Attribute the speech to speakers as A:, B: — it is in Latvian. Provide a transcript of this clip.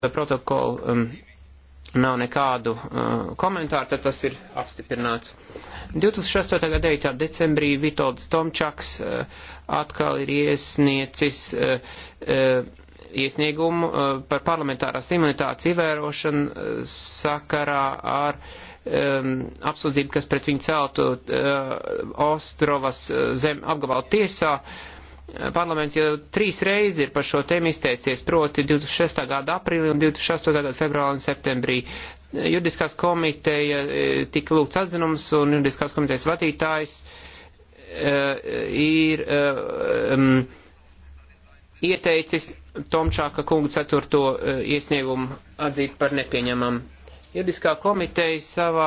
A: protokolu um, nav nekādu uh, komentāru, tad tas ir apstiprināts. 2008. gada 9. decembrī Vitolds Tomčaks uh, atkal ir iesniecis uh, uh, iesniegumu uh, par parlamentārās imunitātes ievērošanu uh, sakarā ar um, apsūdzību, kas pret viņu celtu uh, Ostrovas uh, zem apgabalu tiesā. Uh, parlaments jau trīs reizes ir par šo tēmu izteicies, proti 26. gada aprīlī un 28. gada februārī un septembrī. Juridiskās komiteja e, tika lūgts atzinums un juridiskās komitejas vadītājs e, ir um, ieteicis Tomčāka kungu ceturto iesniegumu atzīt par nepieņemam. Juridiskā komiteja savā